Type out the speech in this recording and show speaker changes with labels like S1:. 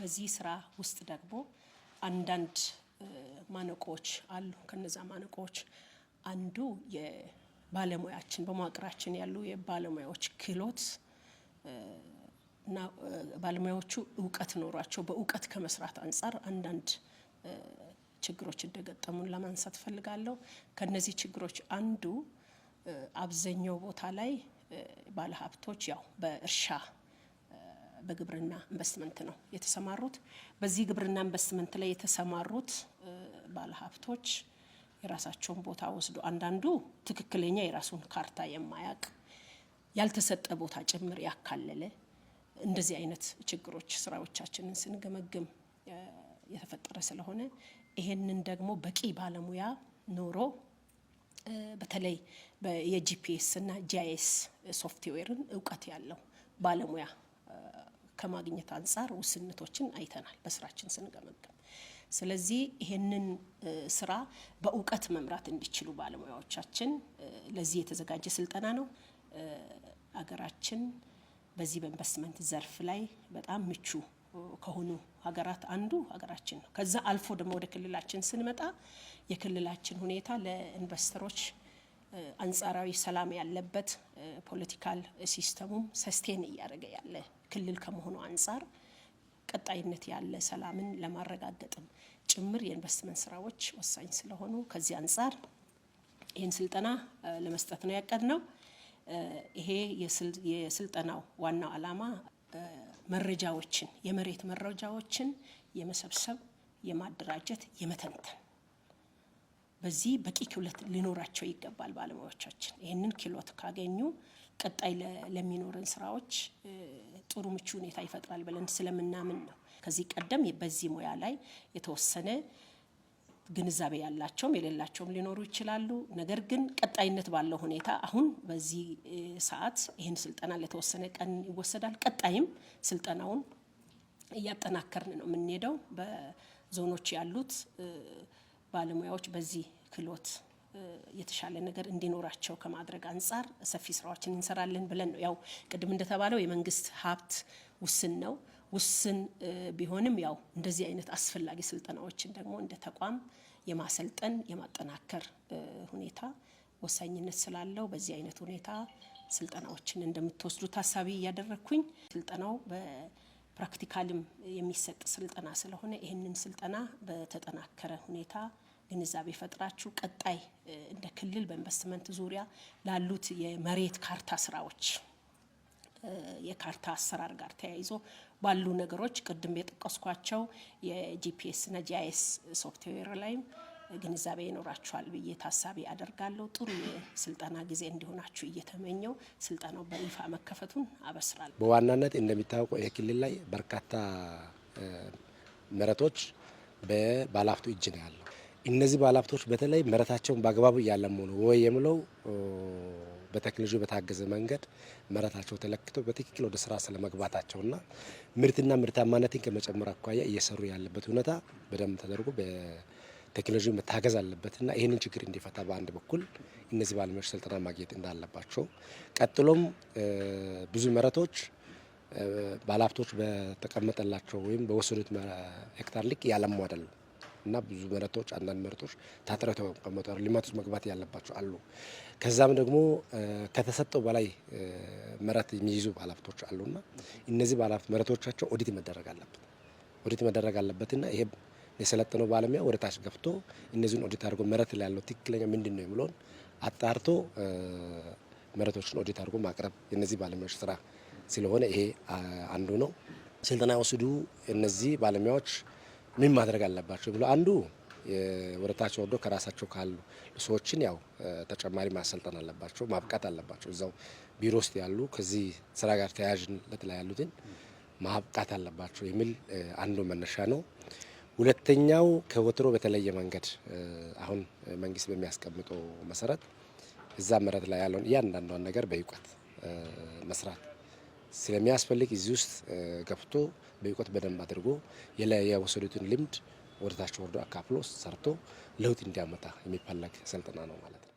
S1: በዚህ ስራ ውስጥ ደግሞ አንዳንድ ማነቆዎች አሉ። ከነዛ ማነቆዎች አንዱ የባለሙያችን በመዋቅራችን ያሉ የባለሙያዎች ክህሎት እና ባለሙያዎቹ እውቀት ኖሯቸው በእውቀት ከመስራት አንጻር አንዳንድ ችግሮች እንደገጠሙን ለማንሳት ፈልጋለሁ። ከነዚህ ችግሮች አንዱ አብዛኛው ቦታ ላይ ባለሀብቶች ያው በእርሻ በግብርና ኢንቨስትመንት ነው የተሰማሩት። በዚህ ግብርና ኢንቨስትመንት ላይ የተሰማሩት ባለሀብቶች የራሳቸውን ቦታ ወስዶ አንዳንዱ ትክክለኛ የራሱን ካርታ የማያቅ ያልተሰጠ ቦታ ጭምር ያካለለ እንደዚህ አይነት ችግሮች ስራዎቻችንን ስንገመግም የተፈጠረ ስለሆነ ይሄንን ደግሞ በቂ ባለሙያ ኖሮ በተለይ የጂፒኤስ እና ጂአይኤስ ሶፍትዌርን እውቀት ያለው ባለሙያ ከማግኘት አንጻር ውስንቶችን አይተናል በስራችን ስንገመግም። ስለዚህ ይሄንን ስራ በእውቀት መምራት እንዲችሉ ባለሙያዎቻችን ለዚህ የተዘጋጀ ስልጠና ነው። አገራችን በዚህ በኢንቨስትመንት ዘርፍ ላይ በጣም ምቹ ከሆኑ ሀገራት አንዱ ሀገራችን ነው። ከዛ አልፎ ደግሞ ወደ ክልላችን ስንመጣ የክልላችን ሁኔታ ለኢንቨስተሮች አንጻራዊ ሰላም ያለበት ፖለቲካል ሲስተሙም ሰስቴን እያደረገ ያለ ክልል ከመሆኑ አንጻር ቀጣይነት ያለ ሰላምን ለማረጋገጥም ጭምር የኢንቨስትመንት ስራዎች ወሳኝ ስለሆኑ ከዚህ አንጻር ይህን ስልጠና ለመስጠት ነው ያቀድ ነው። ይሄ የስልጠናው ዋናው ዓላማ መረጃዎችን የመሬት መረጃዎችን የመሰብሰብ፣ የማደራጀት፣ የመተንተን በዚህ በቂ ክብለት ሊኖራቸው ይገባል ባለሙያዎቻችን። ይህንን ክህሎት ካገኙ ቀጣይ ለሚኖረን ስራዎች ጥሩ ምቹ ሁኔታ ይፈጥራል ብለን ስለምናምን ነው። ከዚህ ቀደም በዚህ ሙያ ላይ የተወሰነ ግንዛቤ ያላቸውም የሌላቸውም ሊኖሩ ይችላሉ። ነገር ግን ቀጣይነት ባለው ሁኔታ አሁን በዚህ ሰዓት ይህን ስልጠና ለተወሰነ ቀን ይወሰዳል። ቀጣይም ስልጠናውን እያጠናከርን ነው የምንሄደው በዞኖች ያሉት ባለሙያዎች በዚህ ክህሎት የተሻለ ነገር እንዲኖራቸው ከማድረግ አንጻር ሰፊ ስራዎችን እንሰራለን ብለን ነው። ያው ቅድም እንደተባለው የመንግስት ሀብት ውስን ነው። ውስን ቢሆንም ያው እንደዚህ አይነት አስፈላጊ ስልጠናዎችን ደግሞ እንደ ተቋም የማሰልጠን የማጠናከር ሁኔታ ወሳኝነት ስላለው በዚህ አይነት ሁኔታ ስልጠናዎችን እንደምትወስዱ ታሳቢ እያደረግኩኝ ስልጠናው ፕራክቲካልም የሚሰጥ ስልጠና ስለሆነ ይህንን ስልጠና በተጠናከረ ሁኔታ ግንዛቤ ፈጥራችሁ ቀጣይ እንደ ክልል በኢንቨስትመንት ዙሪያ ላሉት የመሬት ካርታ ስራዎች የካርታ አሰራር ጋር ተያይዞ ባሉ ነገሮች ቅድም የጠቀስኳቸው የጂፒኤስ እና ጂአይኤስ ሶፍትዌር ላይም ግንዛቤ ይኖራችኋል ብዬ ታሳቢ አደርጋለሁ። ጥሩ የስልጠና ጊዜ እንዲሆናችሁ እየተመኘው ስልጠናው በይፋ መከፈቱን አበስራል።
S2: በዋናነት እንደሚታወቀው ይህ ክልል ላይ በርካታ መሬቶች በባለሀብቱ እጅ ነው ያለው። እነዚህ ባለሀብቶች በተለይ መሬታቸውን በአግባቡ እያለሙ ነው ወይ የምለው በቴክኖሎጂ በታገዘ መንገድ መሬታቸው ተለክቶ በትክክል ወደ ስራ ስለመግባታቸውና ምርትና ምርታማነትን ከመጨመር አኳያ እየሰሩ ያለበት ሁኔታ በደንብ ተደርጎ ቴክኖሎጂ መታገዝ አለበት እና ይህንን ችግር እንዲፈታ በአንድ በኩል እነዚህ ባለሙያዎች ስልጠና ማግኘት እንዳለባቸው፣ ቀጥሎም ብዙ መሬቶች ባለሀብቶች በተቀመጠላቸው ወይም በወሰዱት ሄክታር ልክ ያለሙ አይደለም እና ብዙ መሬቶች አንዳንድ መሬቶች ታጥረው የተቀመጡ ልማት ውስጥ መግባት ያለባቸው አሉ። ከዛም ደግሞ ከተሰጠው በላይ መሬት የሚይዙ ባለሀብቶች አሉና እነዚህ ባለሀብት መሬቶቻቸው ኦዲት መደረግ አለበት ኦዲት መደረግ አለበትና ይሄ የሰለጠነው ባለሙያ ወደ ታች ገብቶ እነዚህን ኦዲት አድርጎ መሬት ላይ ያለው ትክክለኛ ምንድን ነው የሚለውን አጣርቶ መሬቶችን ኦዲት አድርጎ ማቅረብ የነዚህ ባለሙያዎች ስራ ስለሆነ ይሄ አንዱ ነው። ስልጠና ወስዱ እነዚህ ባለሙያዎች ምን ማድረግ አለባቸው ብሎ አንዱ ታች ወርዶ ከራሳቸው ካሉ ሰዎችን ያው ተጨማሪ ማሰልጠን አለባቸው፣ ማብቃት አለባቸው። እዛው ቢሮ ውስጥ ያሉ ከዚህ ስራ ጋር ተያያዥነት ላይ ያሉትን ማብቃት አለባቸው የሚል አንዱ መነሻ ነው። ሁለተኛው ከወትሮ በተለየ መንገድ አሁን መንግስት በሚያስቀምጠው መሰረት እዛ መሬት ላይ ያለውን እያንዳንዷን ነገር በእውቀት መስራት ስለሚያስፈልግ እዚህ ውስጥ ገብቶ በእውቀት በደንብ አድርጎ የወሰዱትን ልምድ ወደታች ወርዶ አካፍሎ ሰርቶ ለውጥ እንዲያመጣ የሚፈለግ ስልጠና ነው ማለት ነው።